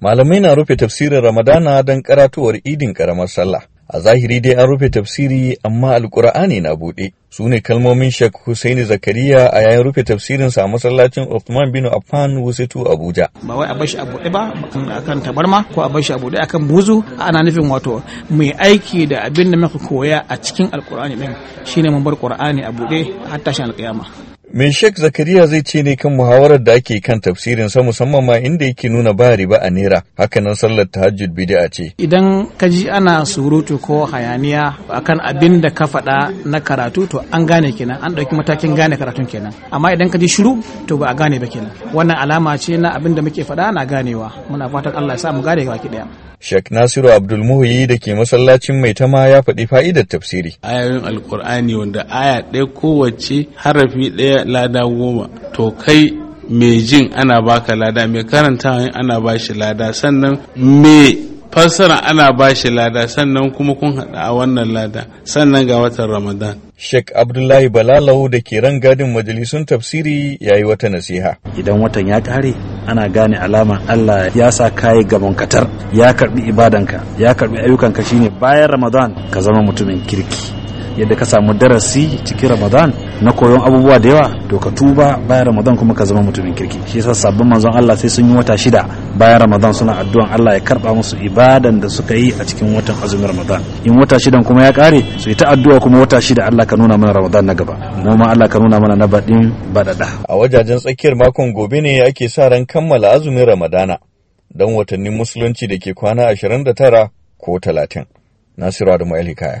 Malamai na rufe tafsirin Ramadana don karatuwar idin karamar sallah. A zahiri dai an rufe tafsiri amma Alkur'ani na buɗe. Su ne kalmomin Sheikh Hussaini Zakariya a yayin rufe tafsirin sa masallacin Uthman bin Affan Wusatu Abuja. Ba wai a bashi a buɗe ba akan tabarma ko a bashi a buɗe akan buzu ana nufin wato mai aiki da abin da muka koya a cikin Alkur'ani din shine mun bar Qur'ani a buɗe har tashin alƙiyama. Me Sheikh Zakariya zai ce ne kan muhawarar da ake kan tafsirin sa musamman ma inda yake nuna ba riba a naira hakanan sallar tahajjud bid'a ce. Idan ka ji ana surutu ko hayaniya akan abin da ka faɗa na karatu to an gane kenan an ɗauki matakin gane karatun kenan amma idan ka ji shiru to ba a gane ba kenan wannan alama ce na abin da muke faɗa na ganewa muna fatan Allah ya sa mu gane baki ɗaya. Sheikh Nasiru Abdul Muhyi da ke masallacin mai tama ya faɗi fa'idar tafsiri. Ayoyin Alƙur'ani wanda aya ɗaya kowace harafi ɗaya lada goma. To kai mai jin ana baka lada mai karantawa ana bashi lada sannan me. fassara ana ba shi lada sannan kuma kun haɗu a wannan lada sannan ga watan ramadan Sheikh Abdullahi balalahu da ke ran gadin majalisun tafsiri ya yi wata nasiha. Idan watan ya ƙare ana gane alama Allah ya sa kayi gaban katar ya karbi ibadanka ya karbi ayyukanka shine bayan Ramadan ka zama mutumin kirki. yadda ka samu darasi cikin ramadan na koyon abubuwa da yawa to ka tuba bayan ramadan kuma ka zama mutumin kirki shi yasa sabbin manzon Allah sai sun yi wata shida bayan ramadan suna addu'an Allah ya karba musu ibadan da suka yi a cikin watan azumin ramadan in wata shidan kuma ya kare su yi ta addu'a kuma wata shida Allah ka nuna mana ramadan na gaba mu ma Allah ka nuna mana na badin badada a wajajen tsakiyar makon gobe ne ake sa ran kammala azumin ramadana dan watannin musulunci da ke kwana 29 ko 30 nasiru da hikaya